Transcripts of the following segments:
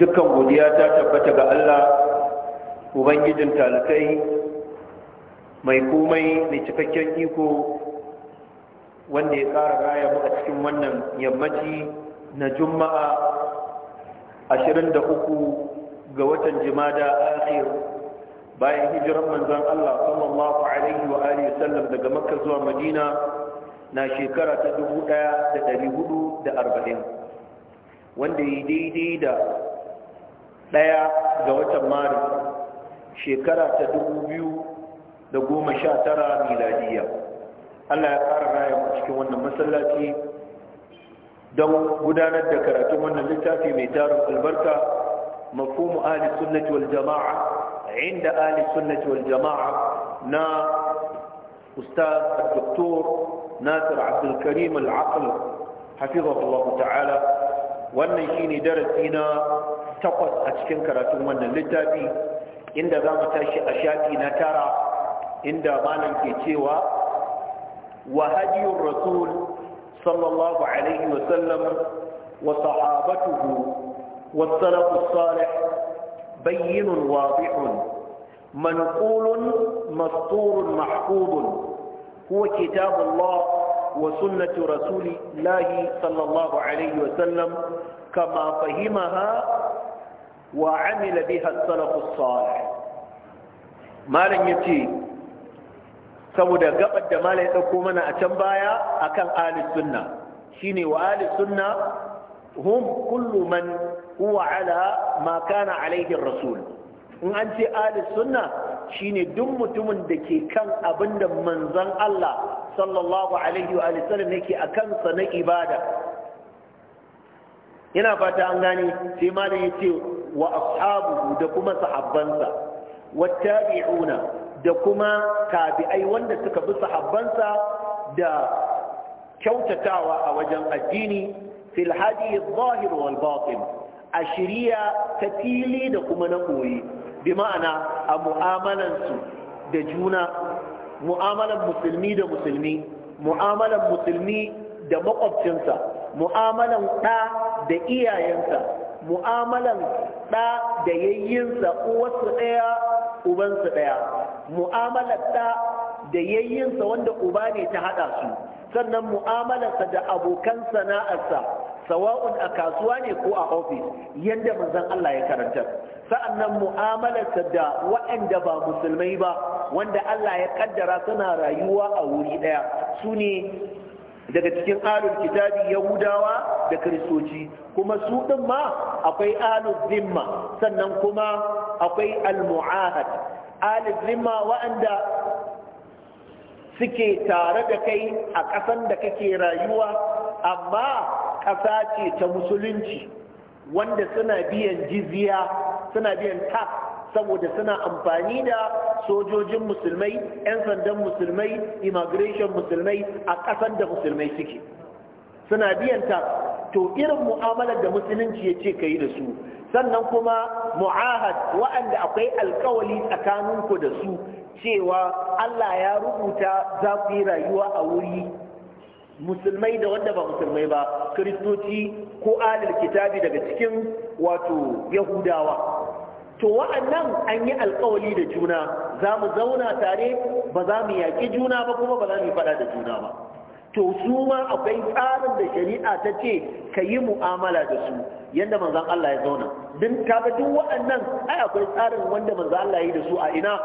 dukkan godiya ta tabbata ga Allah ubangijin talakai mai komai mai cikakken iko wanda ya ƙara raya mu a cikin wannan yammaci na juma'a 23 ga watan jimada akhir bayan hijiran manzon Allah sallallahu alaihi wa alihi sallam daga makka zuwa madina na shekara ta 1440 wanda ya daidai da daya ga watan maris shekara ta 2019 miladiya allah ya fara raya mu cikin wannan masallaci don gudanar da karatun wannan littafi mai tarin albarka mafhumu ahli sunnati wal jama'a inda ahli sunnati wal jama'a na ustaz al-doktor nasir abdulkarim al-aql hafizahullahu ta'ala wannan shine darasi na takwas a cikin karatun wannan littafi inda za mu tashi a shafi na tara inda malam ke cewa wa hadiyun rasul sallallahu alaihi wa sallam wa sahabatuhu wa salafus salih bayyinun wadihun manqulun masturun mahfudun huwa kitabullah wa sunnatu rasulillahi sallallahu alaihi wa sallam وسلم كما فهمها wa amila biha salafus salih malam yace saboda gabar da malam ya dauko mana a can baya akan ahli sunna shine wa ahli sunna hum kullu man huwa ala ma kana alaihi rasul in an ce ahli sunna shine duk mutumin da ke kan abinda manzon Allah sallallahu alaihi wa sallam yake akan sa na ibada ina fata an gane sai malam yace wa ashabuhu da kuma sahabbansa wattabi'una da kuma tabi'ai wanda suka bi sahabbansa da kyautatawa a wajen addini fil hadi wal batin a shiriya ta fili da kuma na koyi bi ma'ana a mu'amalansu da juna mu'amalan musulmi da musulmi mu'amalan musulmi da makwabcinsa mu'amalan ɗa da iyayensa mu'amalan ɗa da yayyinsa wasu ɗaya ubansu ɗaya mu'amalar ɗa da yayyinsa wanda uba ne ta haɗa su sannan mu'amalarsa da abokan sana'arsa sawa'un a kasuwa ne ko a ofis yadda manzon Allah ya karanta sa'annan mu'amalarsa da waɗanda ba musulmai ba wanda Allah ya kaddara suna rayuwa a wuri ɗaya su ne daga cikin alul kitabi yahudawa da kristoci kuma su din ma akwai ahlul zimma sannan kuma akwai almu'ahad. muahad zimma wa'anda suke tare da kai a ƙasan da kake rayuwa amma ƙasa ce ta musulunci wanda suna biyan jizya suna biyan tak saboda suna amfani da sojojin musulmai 'yan sandan musulmai immigration musulmai a ƙasan da musulmai suke suna biyan tak. to irin mu'amalar da musulunci ya ce ka yi da su sannan kuma mu'ahad wa'anda akwai alkawali tsakaninku da su cewa Allah ya rubuta za ku yi rayuwa a wuri musulmai da wanda ba musulmai ba kiristoci ko alil kitabi daga cikin wato yahudawa to wa'annan an yi alkawali da juna za mu zauna tare ba za mu yaƙi juna ba kuma ba za mu yi faɗa da juna ba to su ma akwai tsarin da shari'a ta ce ka yi mu'amala da su yadda manzan Allah ya zauna din kaga duk waɗannan ai akwai tsarin wanda manzan Allah ya yi da su a ina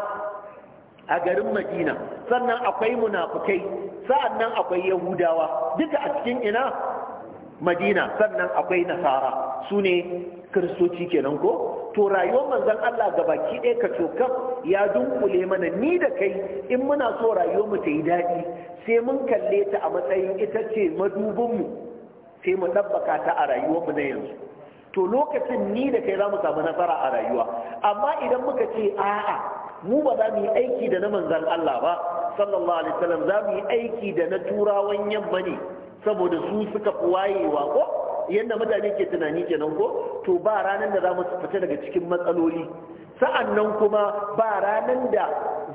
a garin Madina sannan akwai munafukai sa'annan akwai Yahudawa duka a cikin ina Madina sannan akwai Nasara su ne Kiristoci kenan ko to rayuwar manzon Allah gabaki ɗaya ka cokam ya dunkule mana ni da kai in muna so rayuwar mu ta yi daɗi sai mun kalle ta a matsayin ita ce madubin mu sai mu ɗabbaka ta a rayuwar mu na yanzu to lokacin ni da kai za mu samu nasara a rayuwa amma idan muka ce a'a mu ba za mu yi aiki da na manzon Allah ba sallallahu alaihi wasallam za mu yi aiki da na turawan yamma ne saboda su suka fi wayewa ko yadda mutane ke tunani kenan ko to ba ranar da za mu fita daga cikin matsaloli sa'an nan kuma ba ranar da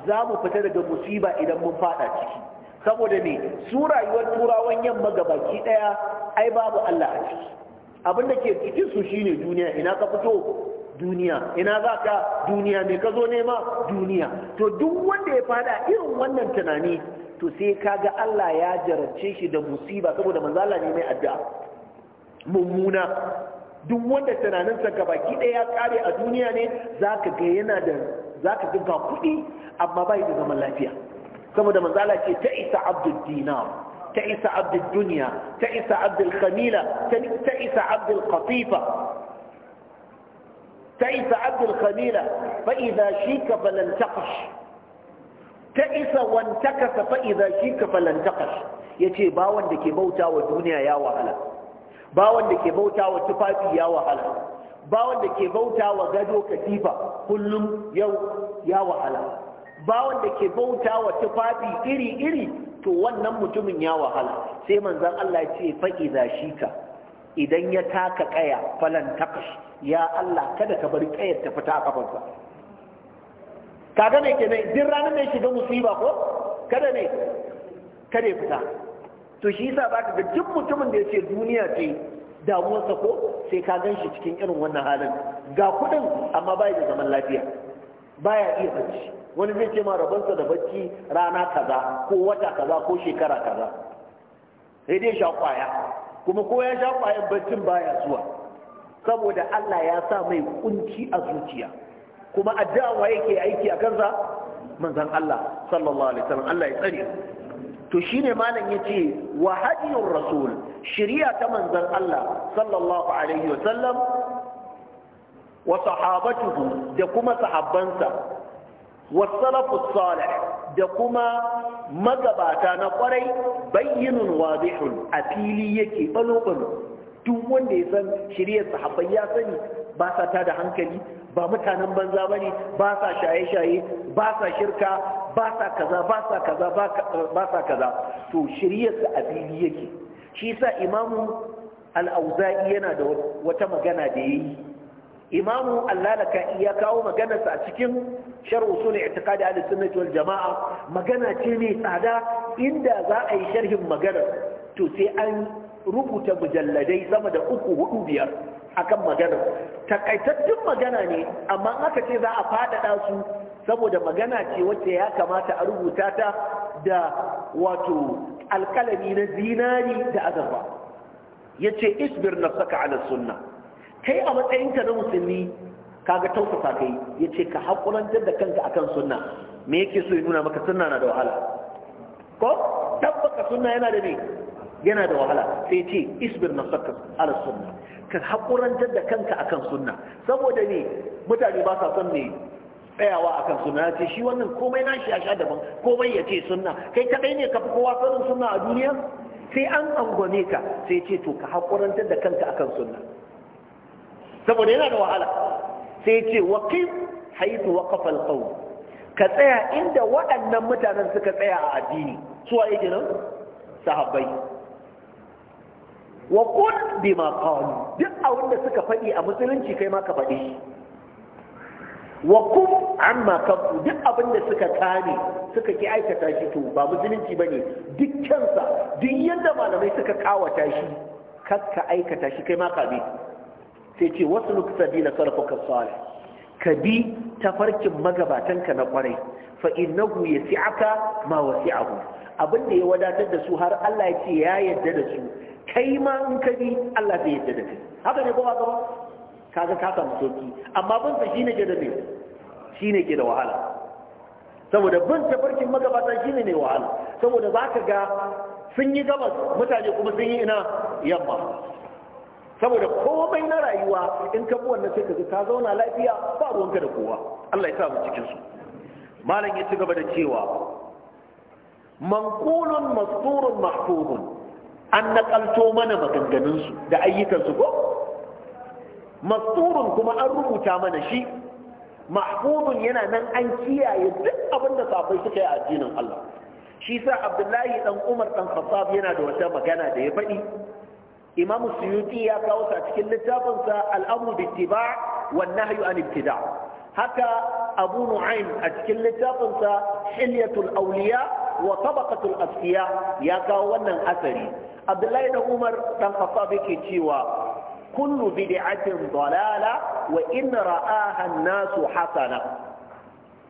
za mu fita daga musiba idan mun fada ciki saboda ne su rayuwar turawan yamma ga baki ɗaya ai babu Allah a ciki abinda ke cikin su shine duniya ina ka fito duniya ina za ka duniya me ka zo nema duniya to duk wanda ya fada irin wannan tunani to sai kaga Allah ya jarabce shi da musiba saboda manzo Allah ne mai addu'a mummuna duk wanda tunaninsa gabaki ɗaya ya kare a duniya ne za ka ga yana da za ka ga kuɗi amma bai da zaman lafiya saboda manzala ce ta isa abdul dinar ta isa abdul duniya ta isa abdul khamila ta isa abdul qatifa ta isa abdul khamila fa idza shika falan taqash ta isa wantakasa fa'iza shi ka falantakas ya ce bawan da ke bauta wa duniya ya wahala ba wanda ke bauta wa tufafi ya wahala ba wanda ke bauta wa gado katifa kullum yau ya wahala ba wanda ke bauta wa tufafi iri-iri to wannan mutumin ya wahala sai manzan Allah ya ce fa za shi ka idan ya taka kaya falan takash ya Allah kada ka bari kayar ta fita a kafansa kaga ne kenan din ranar da ya shiga musiba ko kada ne kada ya fita to shi yasa zaka ga duk mutumin da ya ce duniya ce damuwarsa ko sai ka gan shi cikin irin wannan halin ga kuɗin amma bai da zaman lafiya baya iya bacci wani zai ce ma rabonsa da bacci rana kaza ko wata kaza ko shekara kaza sai dai sha kwaya kuma ko ya sha kwaya baccin baya zuwa saboda Allah ya sa mai kunci a zuciya kuma addu'a yake aiki a kansa manzon Allah sallallahu alaihi wasallam Allah ya tsare to shine malam yace wa hadiyur rasul shiriya ta manzon Allah sallallahu alaihi wa sallam wa da kuma sahabbansa wa salafus salih da kuma magabata na kwarai bayyinun wadihun a fili yake balo balo duk wanda ya san shiriyar sahabbai ya sani ba sa ta da hankali ba mutanen banza ba ne ba sa shaye-shaye ba sa shirka ba sa kaza ba sa kaza ba sa kaza to shiryarsa a fili yake shi sa imamu al'auza'i yana da wata magana da ya yi imamu allalaka ya kawo maganarsa a cikin sharh usul i'tiqadi ahli sunnah wal jamaa magana ce ne tsada inda za a yi sharhin maganar to sai an rubuta mujalladai sama da uku hudu biyar akan magana takaitattun magana ne amma aka ce za a faɗaɗa su saboda magana ce wacce ya kamata a rubuta ta da wato alkalami na zinari da azurfa ya ce isbir na saka ala sunna kai a matsayinka na musulmi kaga tausasa kai ya ce ka haƙurantar da kanka akan sunna me yake so ya nuna maka sunna na da wahala ko tabbaka sunna yana da ne yana da wahala sai ce isbir nafsaka ala sunna ka haƙurantar da kanka akan sunna saboda ne mutane ba sa son ne tsayawa akan sunna ce shi wannan komai na nashi a sha daban komai ya ce sunna kai kadai ne ka fi kowa sanin sunna a duniya sai an angwane ka sai ce to ka haƙurantar da kanka akan sunna saboda yana da wahala sai ce waqif haythu waqafa al-qawm ka tsaya inda waɗannan mutanen suka tsaya a addini suwa yake nan sahabbai wa bi ma qalu duk abin da suka faɗi a musulunci kai ma ka faɗi wa kum amma duk abinda da suka kame suka ki aikata shi to ba musulunci bane dukkansa duk yadda malamai suka kawata shi ka aikata shi kai ma ka bi sai ce wasu luk na sarfuka ka bi tafarkin magabatanka na kwarai fa innahu yasi'aka ma wasi'ahu abin da ya wadatar da su har Allah ya ce ya yarda da su kai ma in ka bi Allah zai yarda da kai haka ne kowa gaba kaga ka samu sauki amma bin sa shine ke da shine ke wahala saboda bin barkin magabata shine ne wahala saboda ka ga sun yi gabas mutane kuma sun yi ina yamma saboda komai na rayuwa in ka bi wannan sai ka ka zauna lafiya ba ruwanka da kowa Allah ya sa mu cikin su malam ya ci gaba da cewa manqulun masturun mahfuzun an nakalto mana maganganunsu da ayyukansu ko masturun kuma an rubuta mana shi mahfuzun yana nan an kiyaye duk abin da safai suka yi a addinin Allah shi sa abdullahi dan umar dan khattab yana da wata magana da ya faɗi imam suyuti ya kawo a cikin littafinsa al'amru bi ittiba' wan nahyu an ibtida' haka abu nu'aim a cikin littafinsa hilyatul auliya wa tabaqatul asfiya ya kawo wannan asari abdullahi da umar dan khattab yake cewa kullu bid'atin dalala wa in ra'aha an-nasu hasana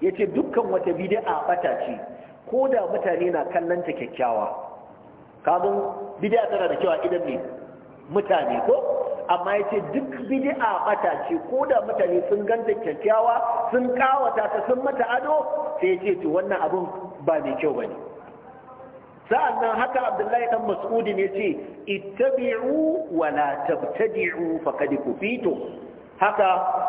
yace dukkan wata bid'a bata ce ko da mutane na kallon ta kyakkyawa kamun bid'a tana da kyau a idan ne mutane ko amma ya ce duk bid'a bata ce ko da mutane sun ganta kyakkyawa sun kawata ta sun mata ado sai ya ce to wannan abun ba mai kyau bane sa'annan haka abdullahi dan mas'udi ne ce ittabi'u wa la tabtadi'u faqad kufitu haka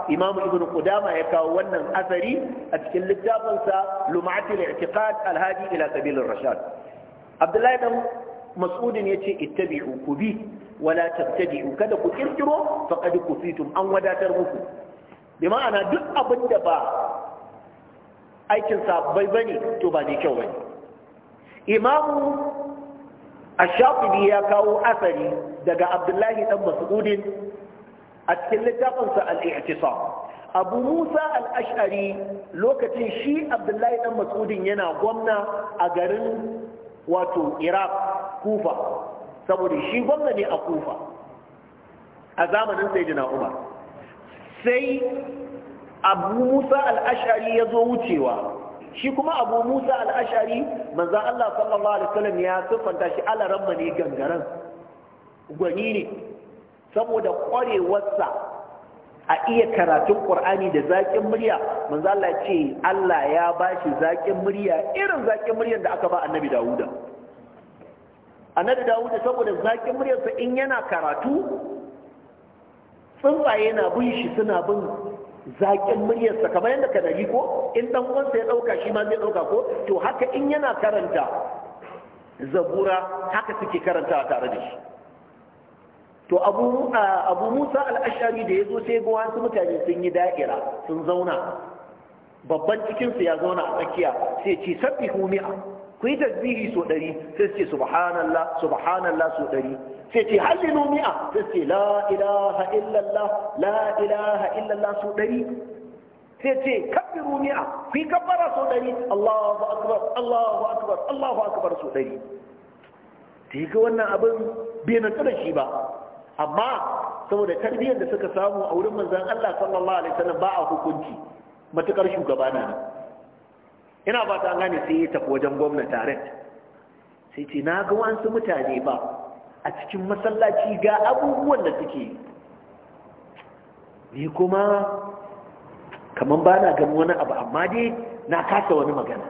imam ibn qudama ya kawo wannan asari a cikin littafinsa lum'atul i'tiqad alhaji ila sabilir rashad abdullahi dan Mas'udin ne ce ittabi'u kubi wala tabtadi'u kada ku kirkiro faqad kufitum an wadatar muku bi ma'ana duk abin da ba aikin sabbai bane to ba ne kyau bane imamu ash-shafi'i ya kawo asari daga abdullahi dan mas'udin a cikin littafinsa al-i'tisam abu musa al-ash'ari lokacin shi abdullahi dan mas'udin yana gwamna a garin wato iraq kufa saboda shi gwamna ne a kufa a zamanin sayyidina umar sai abu musa al'ashari ya zo wucewa shi kuma abu musa al'ashari manzan allah sallallahu alaihi wasallam ya siffanta shi alaramma ne gangaren gwani ne saboda ƙwarewarsa a iya karatun ƙur'ani da zaƙin murya manzo Allah ce Allah ya bashi zaƙin murya irin zaƙin muryar da aka ba annabi Dawuda annabi dawud saboda zakin muryarsa in yana karatu tsuntsaye na bin shi suna bin zakin muryarsa kamar yadda ka dari ko in dan uwansa ya ɗauka shi ma zai ɗauka ko to haka in yana karanta zabura haka suke karanta tare da shi to abu abu Musa al-Ash'ari da yazo sai ga wasu mutane sun yi da'ira sun zauna babban cikin su ya zauna a tsakiya sai ce sabbihu mi'a ku yi tasbihi so ɗari sai ce subhanallah subhanallah so ɗari sai ce hallilu mi'a sai ce la ilaha illallah la ilaha illallah so ɗari sai ce kabbiru mi'a ku yi kabbara so ɗari Allahu akbar Allahu akbar Allahu akbar so ɗari Ta yi ga wannan abin bai nutsu da shi ba amma saboda tarbiyyar da suka samu a wurin manzon Allah sallallahu alaihi wasallam ba a hukunci matukar shugabana ne ina ba ta gane sai ya tafi wajen gwamna tare sai ce na ga wasu mutane ba a cikin masallaci ga abubuwan da suke ni kuma kamar ba na gani wani abu amma dai na kasa wani magana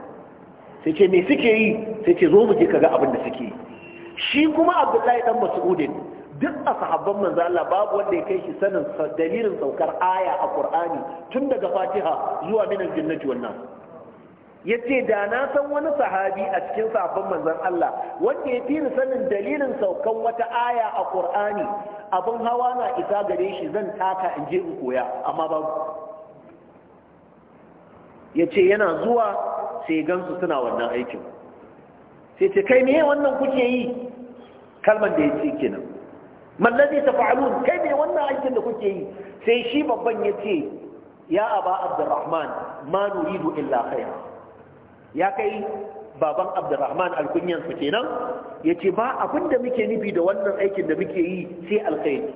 sai ce me suke yi sai ce zo mu je kaga abin da suke shi kuma abdullahi dan mas'udin duk a sahabban manzo Allah babu wanda ya kai shi sanin dalilin saukar aya a Qur'ani tun daga Fatiha zuwa minan jannati wannan ya ce da na san wani sahabi a cikin sabon manzon Allah wanda ya fi ni sanin dalilin saukan wata aya a Qur'ani abin hawa na isa gare shi zan taka in je in koya amma babu ya ce yana zuwa sai gansu suna wannan aikin sai ce kai meye wannan kuke yi kalmar da ya ce kenan mallazi tafa'alun kai me wannan aikin da kuke yi sai shi babban ya ce ya aba abdurrahman ma nuridu illa khaira ya kai baban abdurrahman alkunyansa kenan ya ce ba abin da muke nufi da wannan aikin da muke yi sai alkhairi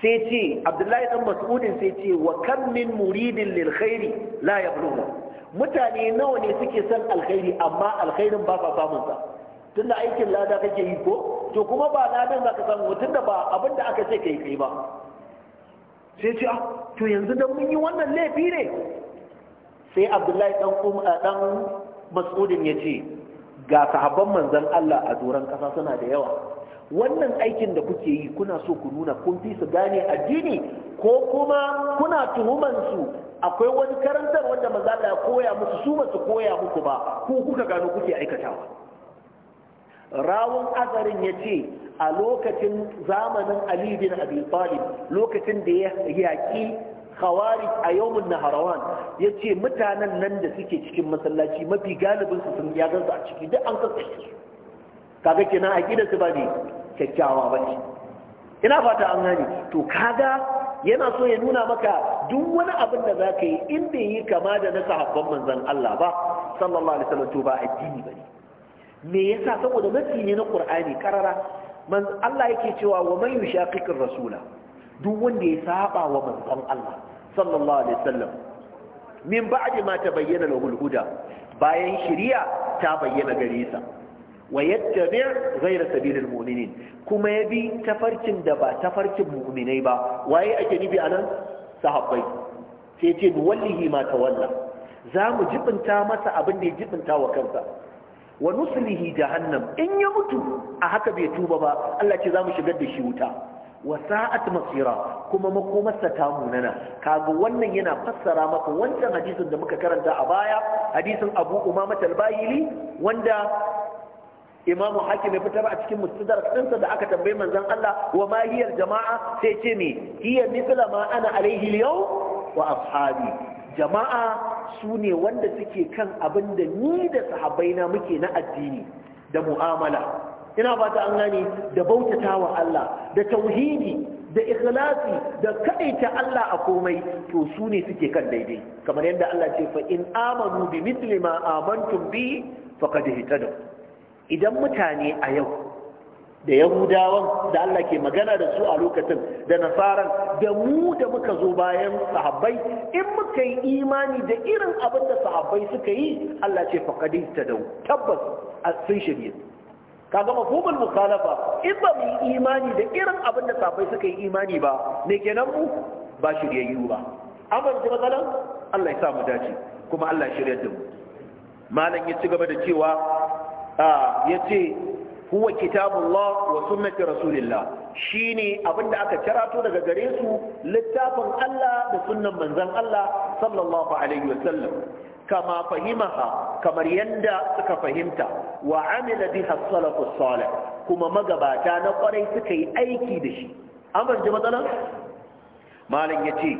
sai ce abdullahi dan mas'udin sai ce wa kam min muridin lil khairi la yablughu mutane nawa ne suke son alkhairi amma alkhairin ba sa samun sa tunda aikin lada kake yi ko to kuma ba ladan zaka samu tunda ba abin da aka ce kai kai ba sai ce ah to yanzu dan mun yi wannan laifi ne sai abdullahi dan umm, eh, dan mas'udin ya ce ga sahabban manzan Allah a doron ƙasa suna da yawa wannan aikin da kuke yi kuna so ku nuna kun fi su gane addini ko kuma kuna tuhuman su akwai wani karantar wanda manzo Allah ya koya musu su ba su koya muku ba ko kuka gano kuke aikatawa rawun azarin ya ce a lokacin zamanin Ali bin Abi lokacin da ya yaƙi. khawarij a yawmin naharawan ce mutanen nan da suke cikin masallaci mafi galibin su sun ya gansu a ciki duk an shi. su kaga kenan a su ba ne kyakkyawa ne. ina fata an gane to kaga yana so ya nuna maka duk wani abin da zaka yi in bai yi kama da na sahabban manzon Allah ba sallallahu alaihi wasallam to ba addini bane me yasa saboda nasi ne na Qur'ani karara man Allah yake cewa wa man yushaqiqir rasula duk wanda ya saba wa manzon Allah sallallahu alaihi wasallam min ba'di ma ta bayyana al bayan shiriya ta bayyana gare sa wa yattabi' ghayra sabilil mu'minin kuma ya bi tafarkin da ba tafarkin mu'minai ba waye ake nufi anan sahabbai sai ce nuwallihi ma tawalla za mu jibinta masa abin da ya jibinta wa kansa Wani wa da jahannam in ya mutu a haka bai tuba ba Allah ce za mu shigar da shi wuta wa sa'at masira kuma makomarsa ta munana kaga wannan yana fassara maka wancan hadisin da muka karanta a baya hadisin Abu Umama al-Bahili wanda Imam Hakim ya fitar a cikin mustadrak ɗinsa da aka tambayi manzon Allah wa ma hiya jamaa sai ce me hiya mithla ma ana alaihi al wa ashabi jama'a sune wanda suke kan abinda ni da sahabbaina muke na addini da mu'amala ina ba ta an gani da bautata wa Allah da tauhidi da ikhlasi da ta Allah a komai to su ne suke kan daidai kamar yadda Allah ce fa in amanu bi mithli ma amantum bi faqad ihtadaw idan mutane a yau da yahudawan da Allah ke magana da su a lokacin da nasaran da mu da muka zo bayan sahabbai in muka yi imani da irin abin da sahabbai suka yi Allah ce faqad ihtadaw tabbas sun shirye kaga mafhumul mukhalafa in ba mu yi imani da irin abin da safai suka yi imani ba me kenan mu ba shiryayyu ba amma ji matsalan Allah ya sa mu dace kuma Allah ya shiryar da mu malam ya ci gaba da cewa ya ce huwa kitabullah wa sunnati rasulillah shine abin da aka carato daga gare su littafin Allah da sunnan manzon Allah sallallahu alaihi sallam. kama fahimaha kamar yanda suka fahimta wa amila biha salafus salih kuma magabata na kwarai suka yi aiki da shi an fahimci matsalar malam yace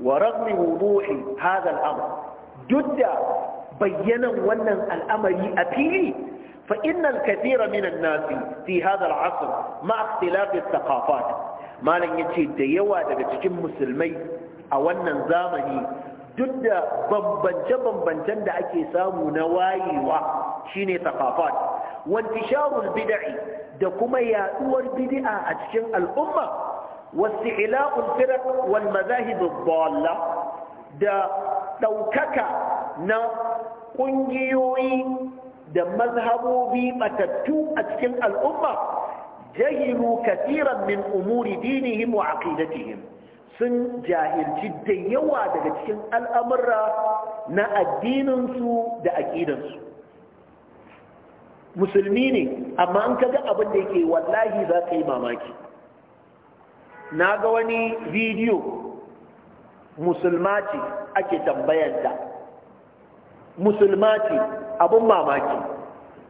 wa ragmi wuduhi hadha al-amr duk da bayyanan wannan al'amari a fili fa innal kathira min an-nasi fi hadha al-asr ma ikhtilaf al-thaqafat malam yace da yawa daga cikin musulmai a wannan zamani duk da bambance-bambancen da ake samu na wayewa shine thaqafat wantisharul bid'i da kuma yaduwar bid'a a cikin al'umma wasti'la'ul firaq wal mazahib ad da daukaka na kungiyoyi da mazhabobi matattu a cikin al'umma jahilu kasiran min umuri dinihim wa aqidatihim sun jahilci da yawa daga cikin al'amurra na addininsu da aƙidansu musulmi ne amma an kaga abin da yake wallahi za ka yi mamaki na ga wani bidiyo musulmaci ake tambayanta musulmaci abin mamaki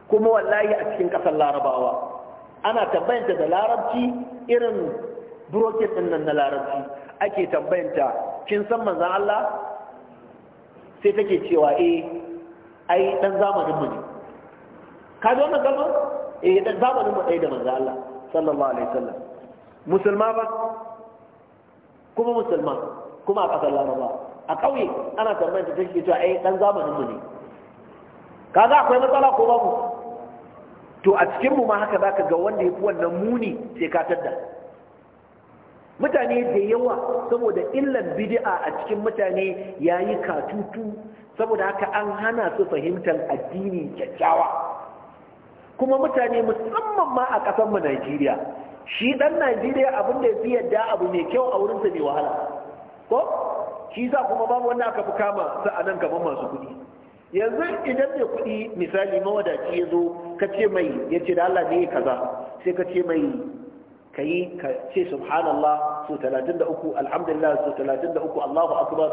kuma wallahi a cikin ƙasar larabawa ana tambayanta da larabci irin burokin ɗin nan na larabci ake tambayanta kin san manzan Allah sai take cewa eh ai dan zamanin mu ne ka ji wannan kalmar eh dan zamanin mu dai da manzan Allah sallallahu alaihi wasallam musulma ba kuma musulma kuma a ƙasar Laraba a ƙauye ana tambayanta take cewa ai eh, dan zamanin mu ne kaga akwai matsala ko babu to a cikin mu ma haka zaka ga wanda fi wannan muni sai ka tadda mutane da yawa saboda illan bid'a a cikin mutane yayi katutu saboda haka an hana su fahimtar addini kyakkyawa kuma mutane musamman ma a ƙasar mu Najeriya shi dan Najeriya abin da yafi yadda abu mai kyau a wurin sa ne wahala ko shi za kuma babu wanda aka fi kama sa anan gaban masu kuɗi yanzu idan mai kuɗi misali mawadaci ya zo ka ce mai ya ce da Allah ne kaza sai ka ce mai ka yi ka ce subhanallah so 33 alhamdulillah so 33 Allahu akbar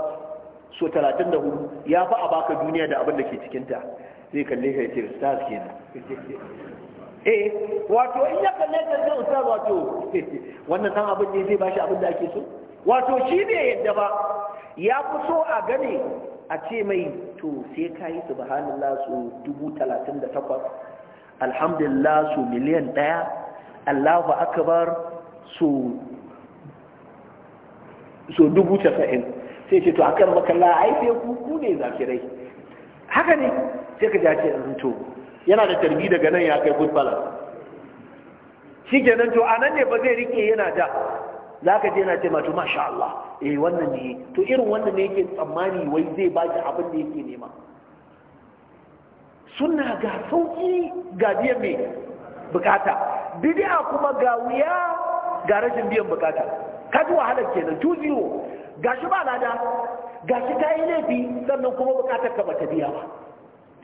so 34 ya fa a baka duniya da abin da ke cikinta. zai kalle ka ce ustaz kenan eh wato in ya kalle ka ce ustaz wato wannan dan abin ne zai bashi abin da ake so wato shi ne yadda ba ya fi so a gane a ce mai to sai ka yi subhanallah so 38 alhamdulillah su miliyan ɗaya allahu akbar su so dubu casa'in sai ce to a kan makalla a haife ku ku ne zakirai haka ne sai ka jace a to yana da tarbi daga nan ya kai good balance shi nan to a nan ne ba zai rike yana da za ka je yana ce ma to masha Allah eh wannan ne to irin wannan ne yake tsammani wai zai ba ki abin da yake nema suna ga sauki ga biyan mai bukata bidi'a kuma ga wuya ga rashin biyan bukata kaji wahalar kenan tu zero gashi ba lada gashi ta yi laifi sannan kuma bukatar ka bata biya ba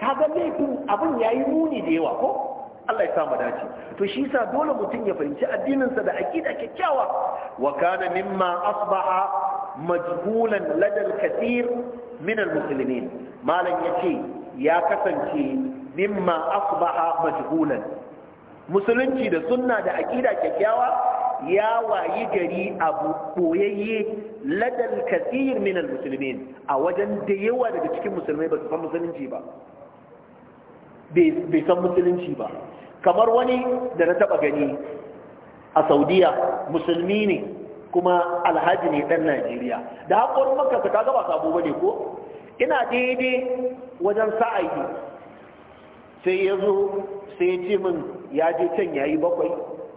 kaga laifin abin yayi muni da yawa ko Allah ya sa mu dace to shi yasa dole mutum ya fahimci addinin sa da aqida kyakkyawa wa kana mimma asbaha majhulan ladal kathir min almuslimin malam yace ya kasance mimma asbaha majhulan musulunci da sunna da aƙida kyakkyawa ya wayi gari abu boyayye ladal kasir min musulmin, a wajen da yawa daga cikin musulmai ba su san musulunci ba bai san musulunci ba kamar wani da na taba gani a saudiya musulmi ne kuma alhaji ne dan najeriya da haƙon makarsa ta gaba sabo ba ne ko ina daidai wajen sa'ayi sai ya zo sai ya ce min ya je can ya yi bakwai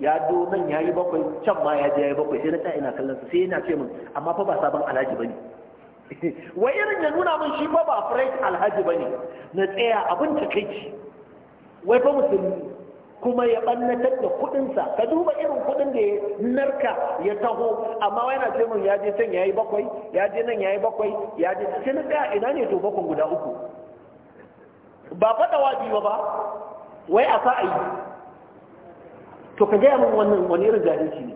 ya do nan ya yi bakwai can ma ya je ya yi bakwai sai na ta ina kallon sai yana ce min amma fa ba sabon alhaji bane wai irin ya nuna min shi fa ba fresh alhaji bane na tsaya abin kaici, wai fa musulmi kuma ya ɓannatar da kuɗinsa ka duba irin kuɗin da ya narka ya taho amma wai na ce min ya je can ya yi bakwai ya je nan ya yi bakwai ya je sai na tsaya ina ne to bakwai guda uku ba faɗa wajiba ba wai a sa'ayi to ka gaya min wannan wani irin jahilci ne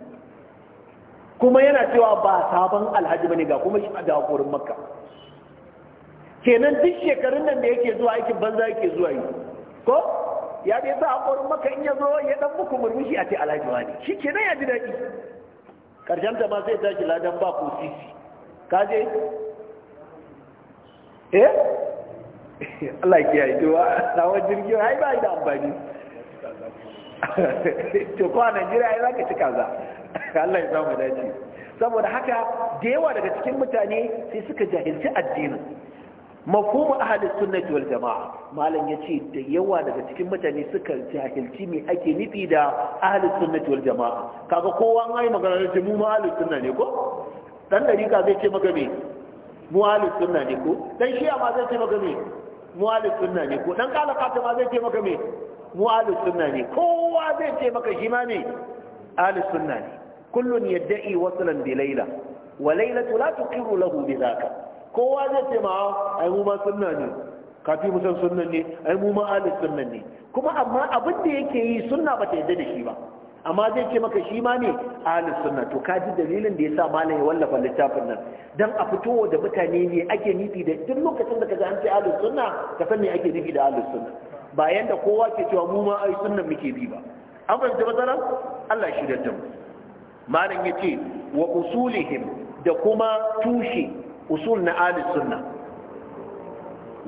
kuma yana cewa ba sabon alhaji bane ga kuma shi a jagorin makka kenan duk shekarun nan da yake zuwa aikin banza yake zuwa yi ko ya dai sa hakorin maka in ya zo ya dan muku murmushi a ce alhaji wani shi kenan ya ji daɗi karshen ta ma sai tashi ladan ba ko sisi ka je eh Allah ya kiyaye to na wajen jirgin ai ba da amfani to kwa a Najeriya ya zaka ci kaza Allah ya mu dace saboda haka da yawa daga cikin mutane sai suka jahilci addinin mafhumu ahli sunnati wal jamaa malam yace da yawa daga cikin mutane suka jahilci me ake nufi da ahli sunnati wal jamaa kaga kowa an yi magana da mu ahli sunna ne ko dan dariƙa zai ce maka me mu ahli sunna ne ko dan shi ma zai ce maka me mu ahli sunna ne ko dan kala kata ma zai ce maka me mu ahlus sunna ne kowa zai ce maka shi ma ne ahlus sunna ne kullun yadda'i waslan bi laila, wa laylatu la tuqiru lahu bi dhaka kowa zai ce ma ai mu ma sunna ne kafi mu san sunnan ne ai mu ma ahlus sunna ne kuma amma abin da yake yi sunna bata yadda da shi ba amma zai ce maka shi ma ne ahlus sunna to ka ji dalilin da yasa malam ya wallafa littafin nan dan a fito da mutane ne ake nufi da duk lokacin da kaga an ce ahlus sunna ka san me ake nufi da ahlus sunna ba yadda kowa ke cewa mu ma ai sunnan muke bi ba an fahimci matsala Allah shi da mu malam yace wa usulihim da kuma tushe usul na ahli sunna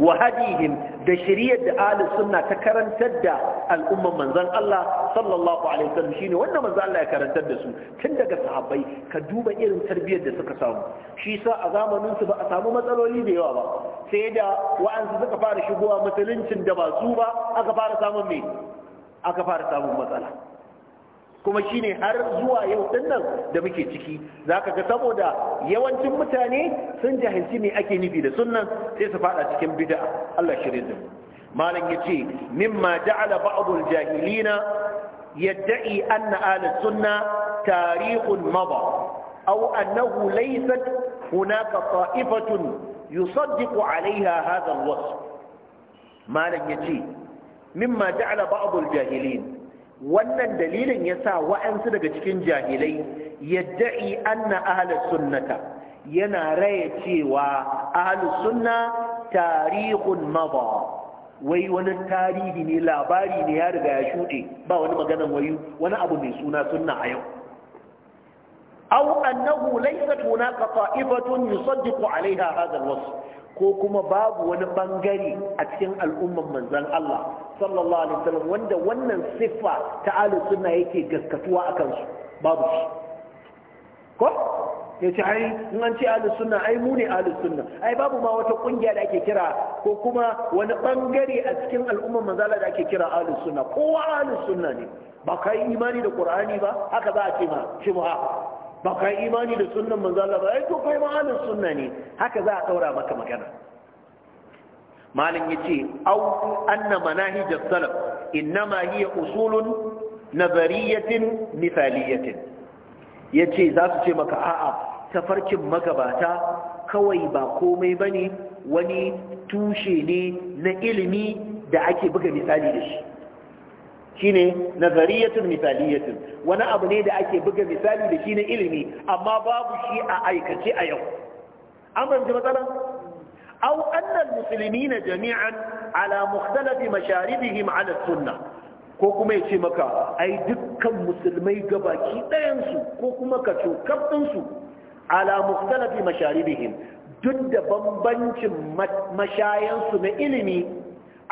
wa hadihim da shiriyar da ahlus sunna ta karantar da al'umman manzon Allah sallallahu alaihi wasallam shine wannan manzon Allah ya karantar da su tun daga sahabbai ka duba irin tarbiyyar da suka samu Shisa a zamanin su ba a samu matsaloli da yawa ba sai da wa'ansu suka fara shigowa musuluncin da ba su ba aka fara samun me aka fara samun matsala kuma shine har zuwa yau din nan da muke ciki ka ga saboda yawancin mutane sun jahilci me ake nufi da sunnan sai su fada cikin bid'a Allah shirye da mu malam yace mimma ja'ala ba'dul jahilina yadda'i anna ahlus sunna tarikhun mada أو أنه ليست هناك طائفة يصدق عليها هذا الوصف ما لم يجي مما جعل بعض الجاهلين wannan dalilin ya sa wa'ansu daga cikin jahilai yadda'i anna ahlus sunnata yana raya cewa ahlus sunna tarihun mada wai wani tarihi ne labari ne ya riga ya shuɗe ba wani maganan wayu wani abu mai suna sunna a yau Au annahu laysat hunaka ta'ifatun yusaddiqu 'alayha hadha al-wasf ko kuma babu wani bangare a cikin al'umman manzon Allah sallallahu alaihi wasallam wanda wannan siffa ta ahlus sunna yake gaskatuwa akan su babu shi ko ya yace ai in an ce ahlus sunna ai mu ne ahlus sunna ai babu ma wata kungiya da ake kira ko kuma wani bangare a cikin al'ummar manzala da ake kira ahlus sunna kowa ahlus sunna ne ba kai imani da qur'ani ba haka za a ce ma ce shimu'a ba kai imani da sunnan manzala ba ai to kai ma ahlus sunna ne haka za a daura maka magana malam yace au anna manahij salaf innama hiya usulun nazariyatin misaliyatin yace za su ce maka a'a tafarkin magabata kawai ba komai bane wani tushe ne na ilimi da ake buga misali da shi shine nazariyatun misaliyatun wani abu ne da ake buga misali da shi na ilimi amma babu shi a aikace a yau an fahimci matsalar أو أن المسلمين جميعا على مختلف مشاربهم على السنة ko kuma ya ce maka ai dukkan musulmai gabaki ɗayansu ko kuma ka cokabinsu ala mukhtalafi masharibihim duk da bambancin mashayansu na ilimi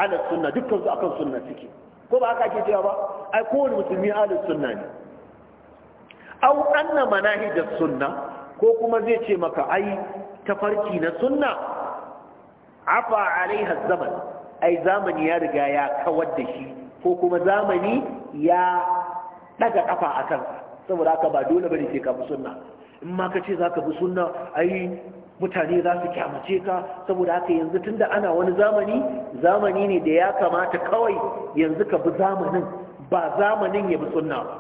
ala sunna dukkansu akan sunna suke ko ba haka ake cewa ba ai kowane musulmi ala sunna ne sunna ko kuma zai ce maka ai tafarki na sunna afa alaiha zaman ai zamani ya riga ya kawar da shi ko kuma zamani ya daga kafa a kansa saboda haka ba dole bane sai ka bi sunna in ma ka ce za ka bi sunna ai mutane za su kyamace ka saboda haka yanzu tunda ana wani zamani zamani ne da ya kamata kawai yanzu ka bi zamanin ba zamanin ya bi sunna ba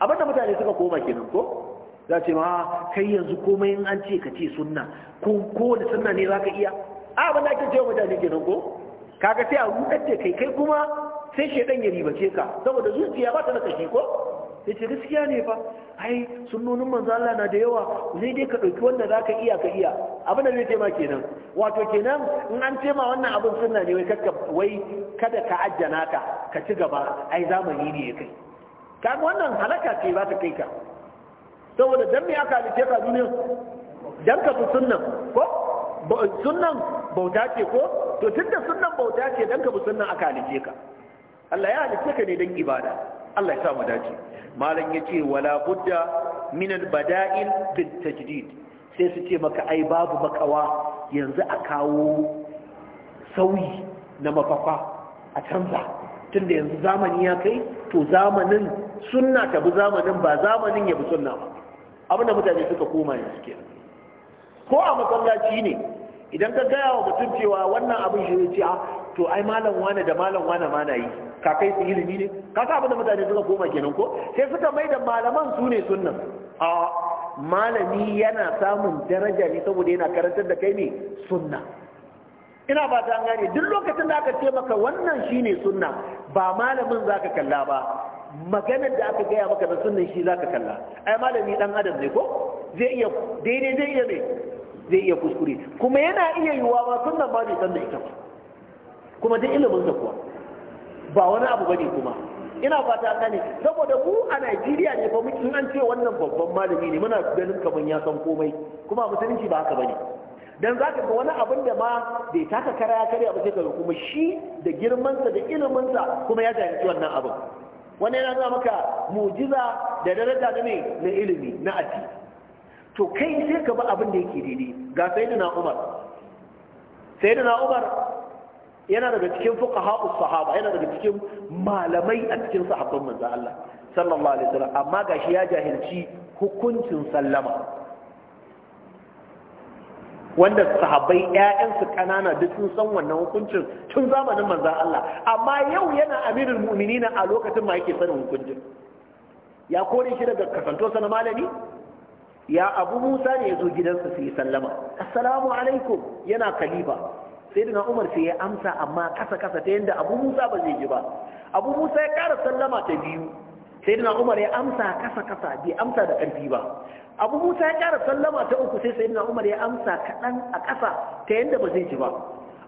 abinda mutane suka koma kenan ko za ce ma ah, kai yanzu komai in an ce ka ce sunna ko da sunna ne za ka iya a abin da ake cewa mutane kenan ko kaga sai a rudar da kai kai kuma sai shedan ya ribace ka saboda zuciya ba ta da kashi ko sai ce gaskiya ne fa ai sunnonin manzo Allah na da yawa sai dai ka dauki wanda zaka iya ka iya abin da zai tema kenan wato kenan in an tema wannan abin sunna ne wai kakka wai kada ka ajjana ka ka ci gaba ai zamani ne ya kai kaga wannan halaka ce ba ta kai ka saboda dan me aka halice ka duniya dan ka fi sunnan ko Sunan bauta ce ko to da sunan bauta ce dan ka bi sunan aka halice ka Allah ya halice ka ne dan ibada Allah ya sa dace malam yace wala budda min al bada'il tajdid sai su ce maka ai babu makawa yanzu a kawo sauyi na mafafa a canza tunda yanzu zamani ya kai to zamanin sunna ta bi zamanin ba zamanin ya bi sunna ba abinda mutane suka koma yanzu ke ko a masallaci ne idan ka gaya wa mutum cewa wannan abin shi zai ce a ah, to ai malam wane da malam wane ma na yi ka kai su ilimi ne ka sa abin da mutane suka koma kenan ko sai suka mai da malaman su ne sunan. a malami yana samun daraja ne saboda yana karantar da kai ne sunna ina ba ta gane duk lokacin da aka ce maka wannan shi ne sunna ba malamin za ka kalla ba maganar da aka gaya maka da sunnan shi za ka kalla ai malami dan adam ne ko zai iya daidai zai iya ne zai iya kuskure kuma yana iya yiwuwa ma nan ba bai san da ita ba kuma duk ilimin sa kuwa ba wani abu bane kuma ina fata an ne saboda mu a Najeriya ne fa in an ce wannan babban malami ne muna ganin kaman ya san komai kuma musulunci ba haka bane dan zaka ga wani abin da ma bai taka kara ya karya ba sai ka kuma shi da girman sa da ilimin sa kuma ya jahilci wannan abin wannan yana nuna maka mujiza da daraja na ne na ilimi na ati to kai sai ka ba abin da yake daidai ga sayyidina Umar sayyidina Umar yana daga cikin fuqaha'us sahaba yana daga cikin malamai a cikin sahabban manzo Allah sallallahu alaihi wasallam amma gashi ya jahilci hukuncin sallama wanda sahabbai ƴaƴansu kanana duk sun san wannan hukuncin tun zamanin manzon Allah amma yau yana amirul mu'minina a lokacin ma yake sanin hukuncin ya kore shi daga kasanto sana malami ya abu musa ne ya zo gidansa su yi sallama assalamu alaikum yana kaliba sai dina umar sai ya amsa amma kasa kasa ta yadda abu musa ba zai ji ba abu musa ya kara sallama ta biyu sai dina umar ya amsa kasa kasa bai amsa da karfi ba abu musa ya kara sallama ta uku sai sai umar ya amsa kaɗan a kasa ta yadda ba zai ji ba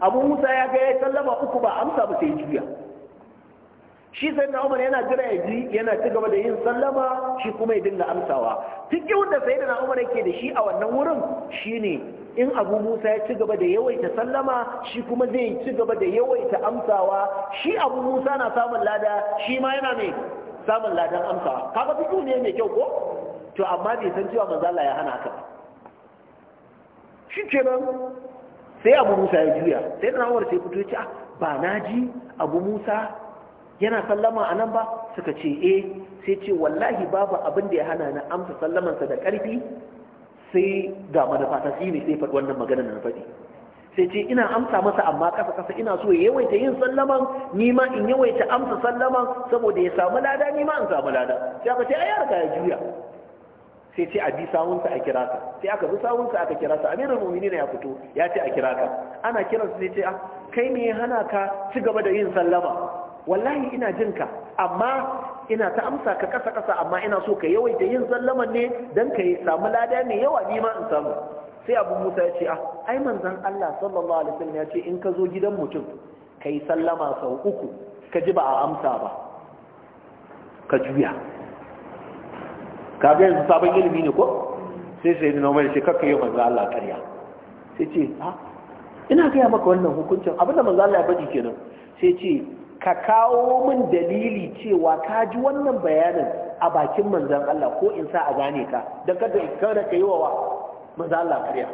abu musa ya ga ya sallama uku ba amsa ba sai juya shi sai na umar yana jira ya ji yana ci gaba da yin sallama shi kuma ya dinga amsawa tikin da sai na umar yake da shi a wannan wurin shine in abu musa ya ci gaba da yawaita sallama shi kuma zai ci gaba da yawaita amsawa shi abu musa na samun lada shi ma yana mai samun ladan amsawa kaga tikin ne mai kyau ko to amma bai san cewa manzo Allah ya hana ka. ba shi kenan sai abu musa ya juya sai na umar sai fito ya ce ah, ba na ji abu musa yana sallama a nan ba suka ce eh sai ce wallahi babu abin da ya hana na amsa sallamansa da ƙarfi sai ga manufa ta shi ne sai faɗi wannan magana na faɗi sai ce ina amsa masa amma ƙasa ƙasa ina so ya yawaita yin sallaman ni ma in yawaita amsa sallaman saboda ya samu lada ni ma in samu lada sai aka ce ayar ya ya juya sai ce a bi sawunsa a kira ka sai aka bi sawunsa aka kira sa amirul mu'minin ya fito ya ce a kira ka ana kiransa sai ce a, ah, kai ne ya hana ka ci gaba da yin sallama wallahi ina jin ka amma ina ta amsa ka kasa kasa amma ina so ka da yin zallama ne dan ka yi samu lada ne yawa ni ma in samu sai abu musa ya ce ah ai manzon Allah sallallahu alaihi wasallam ya ce in ka zo gidan mutum kai sallama sau uku ka ji ba a amsa ba ka juya kaga yanzu sabon ilimi ne ko sai sai da nomar shi kakka yi Allah karya sai ce ha ah, ina gaya maka wannan hukuncin abinda manzon Allah ya faɗi kenan sai ce ka kawo min dalili cewa ka ji wannan bayanin a bakin manzan Allah ko in sa a gane ka don kada kada ka yi wa manzan Allah kariya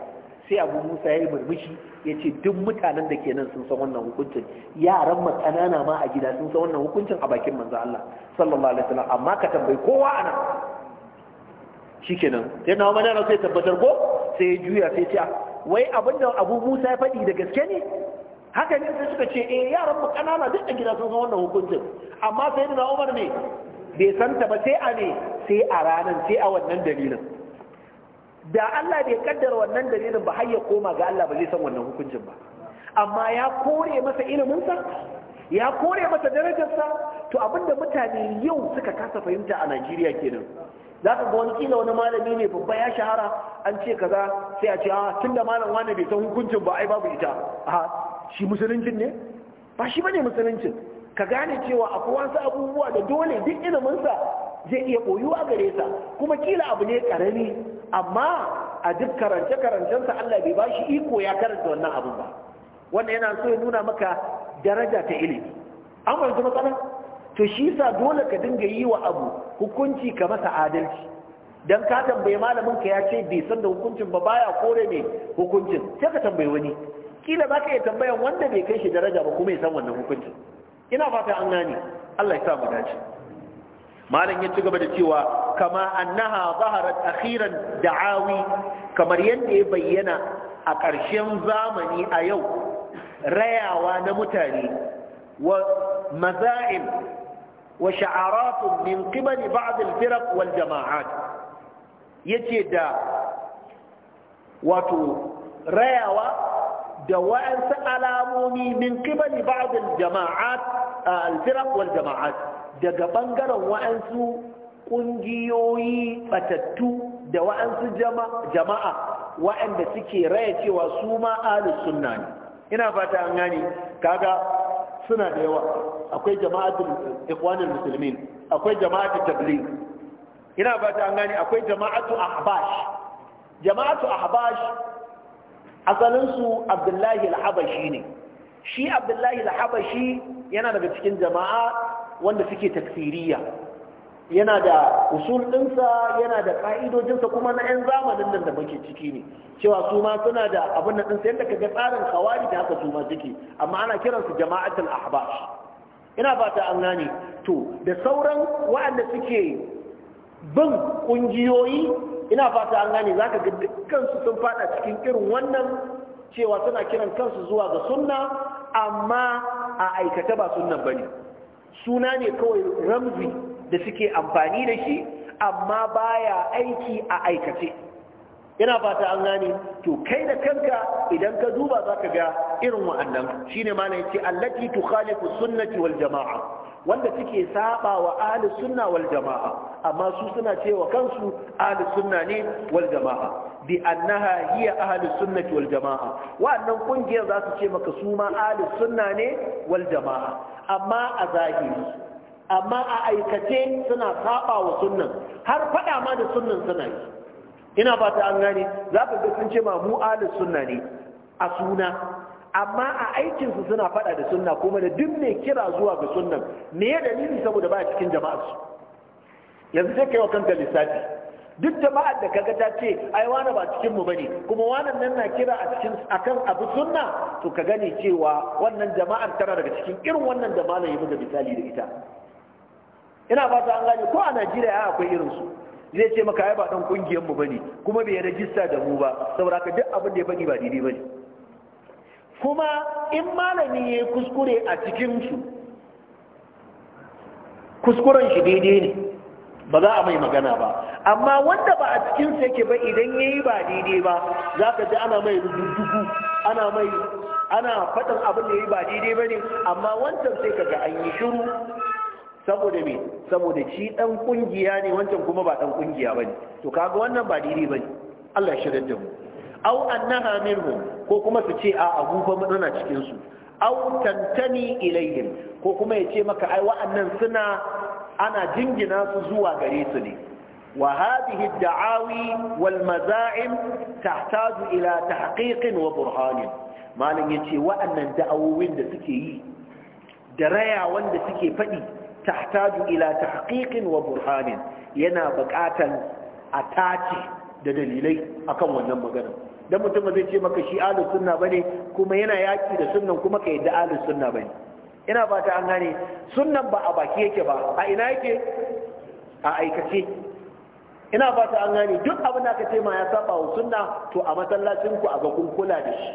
sai abu musa ya yi murmushi ya ce duk mutanen da ke nan sun san wannan hukuncin yaran mu ƙanana ma a gida sun san wannan hukuncin a bakin manzan Allah sallallahu alaihi wasallam amma ka tambayi kowa a nan shikenan sai na mana sai tabbatar ko sai ya juya sai ya ce ah, wai abinda abu musa ya faɗi da gaske ne haka ne sai suka ce eh yaran mu kanana duk da gida sun san wannan hukuncin amma sai da Umar ne bai santa ba sai a ne sai a ranan, sai a wannan dalilin da Allah bai kaddara wannan dalilin ba har ya koma ga Allah ba zai san wannan hukuncin ba amma ya kore masa ilimin sa ya kore masa darajarsa to abinda mutane yau suka kasa fahimta a Najeriya kenan za ka ga wani kila wani malami ne babba ya shahara an ce kaza sai a ce a ah, tunda malam wani bai san hukuncin ba ai babu ita a shi musuluncin ne ba shi bane musuluncin ka gane cewa akwai wasu abubuwa da dole duk iliminsa zai iya koyuwa gare sa kuma kila abu ne karami amma a duk karance-karancensa Allah bai ba shi iko ya karanta wannan abun ba wannan yana so ya nuna maka daraja ta ilimi an wanzu matsala to shi sa dole ka dinga yi wa abu hukunci ka masa adalci dan ka tambaye malamin ka ya ce bai san da hukuncin ba baya kore mai hukuncin sai ka tambaye wani kila za ka iya tambayan wanda bai kai shi daraja ba kuma ya san wannan hukuncin ina fata an gane Allah ya sa mu dace malam ya ci gaba da cewa kama annaha zaharat akhiran da'awi kamar yadda ya bayyana a ƙarshen zamani a yau rayawa na mutane wa maza'im wa sha'aratun min qibali ba'd al-firaq wal jama'at yace da wato rayawa da wa'ansu alamomi min qibali ba'd al-jama'at al-firaq wal jama'at daga bangaren wa'ansu ƙungiyoyi batattu da wa'ansu jama'a wa'anda suke raya cewa su ma ahlus sunna ne ina fata an gani. kaga suna da yawa akwai jama'atul ikhwanul musulmin. akwai jama'atul tabligh ina fata an gani. akwai jama'atu ahbash jama'atu ahbash asalinsu abdullahi al-habashi ne shi abdullahi al-habashi yana daga cikin jama'a wanda suke takfiriya yana da usul ɗinsa yana da ƙa'idojinsa kuma na 'yan zamanin nan da muke ciki ne cewa su ma suna da abin nan ɗinsa yadda kaga tsarin hawari da haka su ma suke amma ana kiransu jama'atul ahbash ina fata an gane to da sauran waɗanda suke bin ƙungiyoyi ina fata an gane zaka ga dukkan su sun fada cikin irin wannan cewa suna kiran kansu zuwa ga sunna amma a aikata ba sunnan bane suna ne kawai ramzi da suke amfani da shi amma baya aiki a aikace ina fata an gane to kai da kanka idan ka duba zaka ga irin wa'annan shine ma ne ce allati tukhalifu sunnati wal jama'a wanda suke saba wa ahli sunna wal jama'a amma su suna cewa kansu ahli sunna ne wal jama'a bi annaha hiya ahli sunnati wal jama'a wannan kungiyar za su ce maka su ma ahli sunna ne wal jama'a amma a zahiri amma a aikace suna saba wa sunnan har fada ma da sunnan suna yi ina fata an gane za ka ga sun ce ma mu ahli sunna ne a suna amma a aikinsu suna fada da sunna kuma da duk mai kira zuwa ga sunnan me ya dalili saboda ba cikin jama'a su yanzu sai kai wa kanka lissafi duk jama'ar da kaga ta ce ai wani ba cikin mu bane kuma wannan nan na kira a cikin akan abu sunna to ka gane cewa wannan jama'ar tana daga cikin irin wannan da malam ya buga misali da ita ina ta an gane ko a Najeriya akwai irin su zai ce maka ai ba dan kungiyar mu bane kuma bai rajista da mu ba saboda ka duk abin da ya faɗi ba daidai bane kuma in malami ya kuskure a cikinsu kuskuren shi daidai ne ba za a mai magana ba amma wanda ba a cikinsu yake ba idan ya yi ba daidai ba za ka ji ana mai rududugu ana mai ana faɗin abin da ya yi ba daidai ba ne amma wancan sai ka ga an yi shiru saboda me saboda shi ɗan ƙungiya ne wancan kuma ba ɗan ƙungiya ba ne to kaga wannan ba daidai ba ne allah shirin da mu au annaha minhum ko kuma su ce a agufa muna cikin su au tantani ilaihim ko kuma ya ce maka ai wa'annan suna ana jingina su zuwa gare su ne wa hadhihi da'awi wal maza'im tahtaju ila tahqiqin wa burhanin malam yace wa'annan da'awowin da suke yi da raya wanda suke faɗi tahtaju ila tahqiqin wa burhanin yana buƙatan a tace da dalilai akan wannan maganar dan mutum ba zai ce maka shi ahlus sunna bane kuma yana yaki da sunnan kuma ka yadda ahlus sunna bane ina ba ta an gane sunnan ba a baki yake ba a ina yake a aikace ina ba an gane duk abin da ka ce ma ya saba wa sunna to a masallacin ku a ga kun kula da shi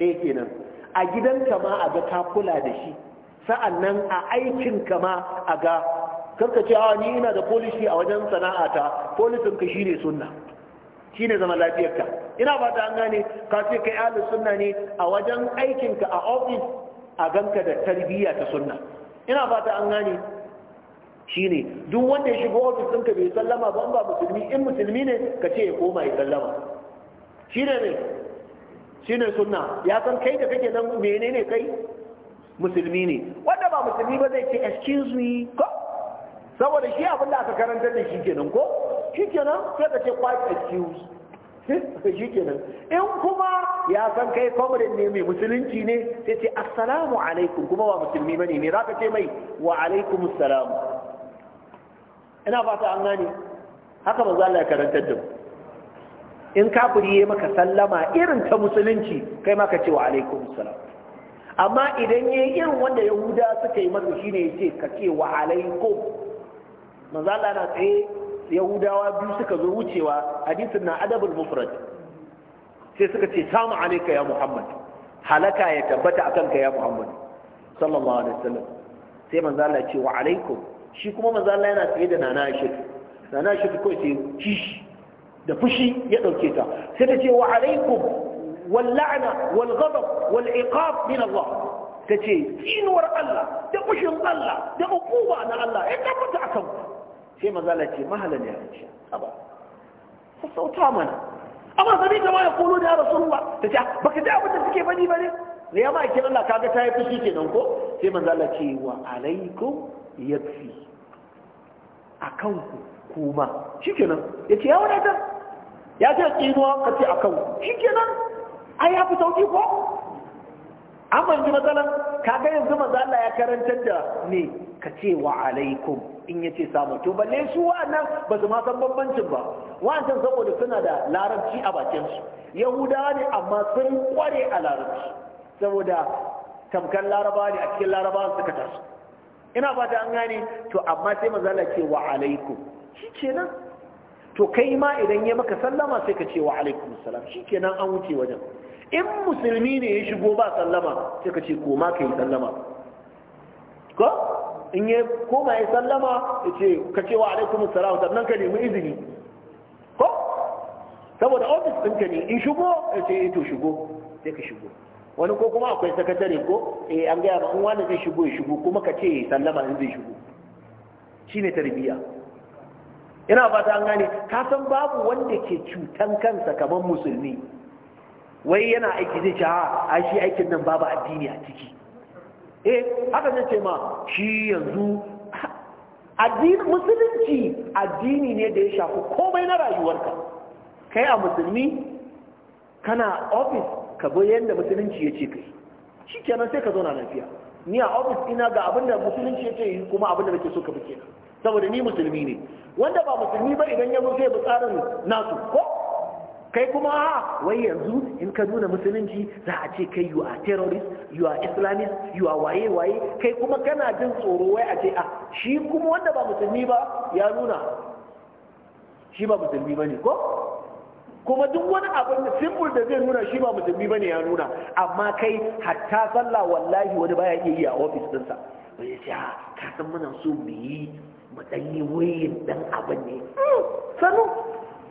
ɗaya kenan a gidan ka ma a ga ka kula da shi sa'annan a aikin ka ma a ga karka ce ah, ni ina da polishi a wajen sana'ata polisin ka shine sunna Shi ne zama lafiyarka ina ba ta an gane ka ce ka ahlus sunna ne a wajen aikinka a ofis a ganka da tarbiyya ta sunna ina ba ta an gane ne. duk wanda ya shigo ofis ɗinka bai sallama ba ba musulmi in musulmi ne ka ce ya koma ya sallama Shi ne ne sunna ya san kai da kake nan mene ne kai musulmi ne wanda ba musulmi ba zai ce excuse me ko saboda shi abin da aka karantar da shi kenan ko shi kenan sai ka ce quite excuse shi kenan in kuma ya san kai kwamarin ne mai musulunci ne sai ce assalamu alaikum kuma wa musulmi mani ne za ka ce mai wa alaikum assalamu ina fata an gane haka ba za ya karantar da mu in kafiri ya maka sallama irin ta musulunci kai maka ce wa alaikum salam amma idan ya yi irin wanda yahuda suka yi masa shine ya ce ka ce wa alaikum manzo Allah na tsaye yahudawa biyu suka zo wucewa hadisin na adabul mufrad sai suka ce samu alaika ya muhammad halaka ya tabbata a kanka ya muhammad sallallahu alaihi wasallam sai manzo Allah ce wa alaikum shi kuma manzo Allah yana tsaye da nana shi nana shi ko sai kishi da fushi ya dauke ta sai ta ce wa alaikum wal la'na wal ghadab wal iqab min Allah ta ce tsinuwar Allah da fushin Allah da hukuma na Allah ya tabbata a kanku sai mazala ce mahalan ya ba su sauta mana amma sami ta waya ya kolo da ruwa ta ce ah, baka ji abin da suke bani ba ne da ya ma'aikin Allah kaga ta yi fushi nan ko sai mazala ce wa ya fi a kanku kuma shi nan ya ce ya wadatar ya ce tsinuwa ka ce a kanku shi nan a ya fi sauki ko an manji matsalan kaga yanzu maza Allah ya karantar da ne ka ce wa alaikum in yace samu to balle su wa'annan ba su ma san bambancin ba wa'annan saboda suna da larabci a bakin su yahudawa ne amma sun kware a larabci saboda tamkar laraba ne a cikin laraba suka tasu ina fata an gane to amma sai maza Allah ce wa alaikum shi nan? to kai ma idan ya maka sallama sai ka ce wa alaikum salam shikenan an wuce wajen in musulmi ne ya shigo ba sallama sai ka ce koma ka yi sallama ko in ya koma ya sallama ya ce ka ce wa alaikum salam sannan ka nemi izini ko saboda ofis ka ne in shigo ya ce eh, to shigo sai ka shigo wani ko kuma akwai sakatare ko eh an gaya ba in wanda zai shigo ya shigo kuma ka ce sallama in zai shigo shine tarbiyya ina fata an gane ka san babu wanda ke cutan kansa kamar musulmi wai yana aiki zai ce a shi aikin nan babu addini a ciki eh haka zai ce ma shi yanzu addini musulunci addini ne da ya shafi komai na rayuwarka kai a musulmi kana ofis ka bi yadda musulunci ya ce kai shi kenan sai ka zauna lafiya ni a ofis ina ga abin da musulunci ya ce kuma abin da nake so ka fi kenan saboda ni musulmi ne wanda ba musulmi ba idan ya zo sai bi tsarin nasu ko kai kuma wai yanzu in ka nuna musulunci za a ce kai you are terrorist you are islamist you are waye waye kai kuma kana jin tsoro wai a ce a shi kuma wanda ba musulmi ba ya nuna shi ba musulmi ba ne ko kuma duk wani abin da simple da zai nuna shi ba musulmi ba ne ya nuna amma kai hatta sallah wallahi wani baya iya yi a ofis ɗinsa ya ce ka san muna so mu yi mu ɗan yi wayin ɗan abin ne hmm, sanu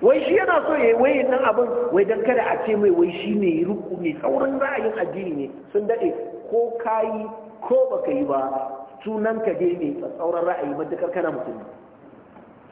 wai shi yana so ya yi wai nan abin wai don kada a ce mai wai shi ne ruku ne saurin ra'ayin addini ne sun daɗe ko kayi ko baka yi ba sunan ka dai a tsauran ra'ayi matukar kana mutum.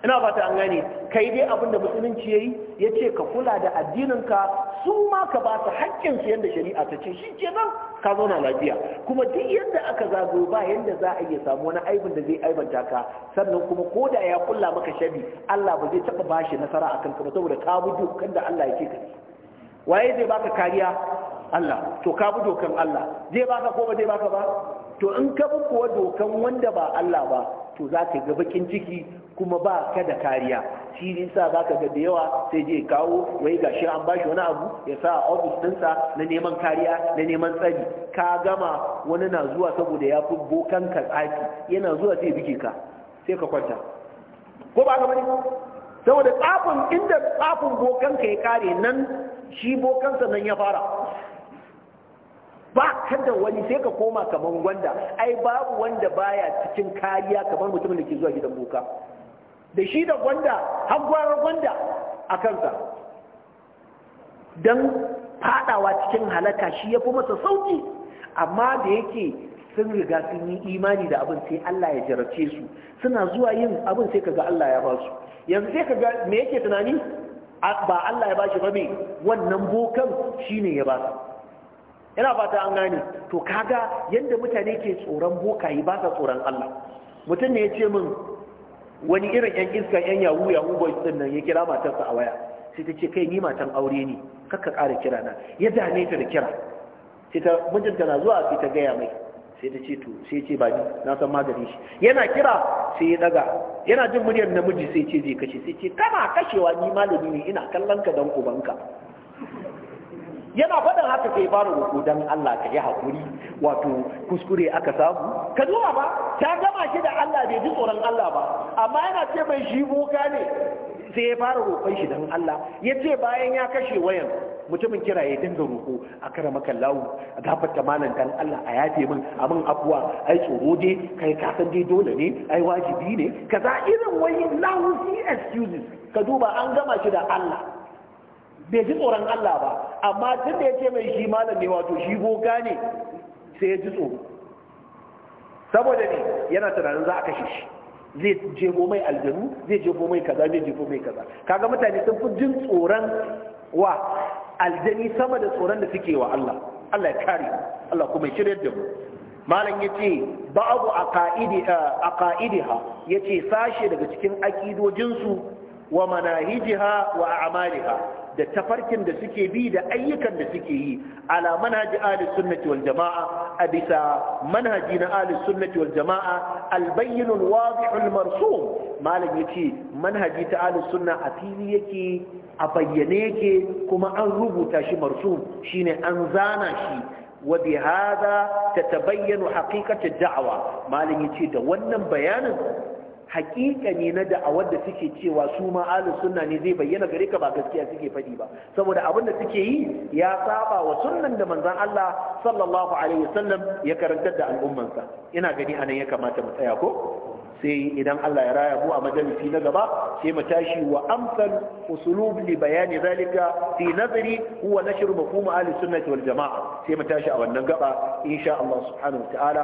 ina ba ta an gane kai dai abin da musulunci yi ya ce ka kula da addininka su ma ka ba su haƙƙin su yadda shari'a ta ce shi ke nan ka zauna lafiya kuma duk yadda aka zago ba yadda za a iya samu wani aibin da zai aibanta ka sannan kuma ko da ya kulla maka shabi Allah ba zai taɓa bashi nasara akan ka ba saboda ka bi dokan da Allah ya ce ka waye zai baka kariya Allah to ka bi dokan Allah zai baka ko ba zai baka ba to in ka bi kuwa dokan wanda ba Allah ba to za ka ga bakin ciki kuma ba ka da kariya shi sa za ka ga da yawa sai je kawo wai gashi an bashi wani abu ya sa ofis ɗinsa na neman kariya na neman tsari ka gama wani na zuwa saboda ya fi bokan ka tsaki yana zuwa sai bige ka sai ka kwanta ko ba ka bane saboda tsafin inda tsafin bokan ka ya kare nan shi bokansa nan ya fara ba ka da wani sai ka koma kamar gwanda ai babu wanda baya cikin kariya kamar mutumin da ke zuwa gidan boka da shi da gwanda har gwanda a kansa don fadawa cikin halaka shi ya fi masa sauki amma da yake sun riga sun yi imani da abin sai Allah ya jarabce su suna zuwa yin abin sai kaga Allah ya ba su yanzu sai kaga me yake tunani ba Allah ya ba shi ba me wannan bokan shine ya ba su ina fata an gane to kaga yadda mutane ke tsoron bokaye ba sa tsoron Allah mutum ne ya ce min wani irin yan iska yan yahu yahu boys din nan ya kira matarsa a waya sai ta ce kai ni matan aure ne kakka ƙara kira na ya dame ta da kira sai ta mijinta na zuwa sai ta gaya mai sai ta ce to sai ce ba ni na san magani shi yana kira sai ya daga yana jin muryar namiji sai ce zai kashe sai ce kana kashewa ni malami ne ina kallon ka dan ubanka yana faɗin haka sai fara roƙo don Allah ka yi hakuri wato kuskure aka samu ka zuwa ba ta gama shi da Allah bai ji tsoron Allah ba amma yana ce bai shi boka ne sai ya fara roƙon shi don Allah ya ce bayan ya kashe wayan mutumin kira ya dinga roƙo a kara maka lawo a ta malam dan Allah a yafe min amin afuwa ai tsoro dai kai ka san dai dole ne ai wajibi ne kaza irin wani lawo excuses ka duba an gama shi da Allah bai ji tsoron Allah ba amma tun da ya ce mai shi malam ne wato shi boga ne sai ya ji tsoro saboda ne yana tunanin za a kashe shi zai jego mai aljanu zai jego mai kaza zai jego mai kaza kaga mutane sun fi jin tsoron wa aljani sama da tsoron da suke wa Allah Allah ya kare Allah kuma ya shirya da mu malam ya ce ba'abu a yace ya ce sashe daga cikin su wa manahijiha wa a'amaliha da tafarkin da suke bi da ayyukan da suke yi ala manhaji ahli sunnati wal jama'a a bisa manhaji na ahli sunnati wal jama'a albayyin alwadih almarsum malam yace manhaji ta ahli sunna a fili yake a bayyane yake kuma an rubuta shi marsum shine an zana shi وبهذا تتبين حقيقة الدعوة ما لن da wannan bayanin haƙiƙa ne na da'awar da suke cewa su ma'alinsunna sunna ne zai bayyana gare ka ba gaskiya suke faɗi ba saboda abin da suke yi ya saba wa sunnan da manzon Allah sallallahu alaihi wasallam ya karantar da al'ummansa ina gani anan ya kamata mu tsaya ko sai idan Allah ya raya mu a majalisi na gaba sai mu tashi wa amsal usulub li bayani zalika fi nazari huwa nashr mafhum ahlus sunnah wal jamaa sai mu tashi a wannan gaba insha Allah subhanahu wa ta'ala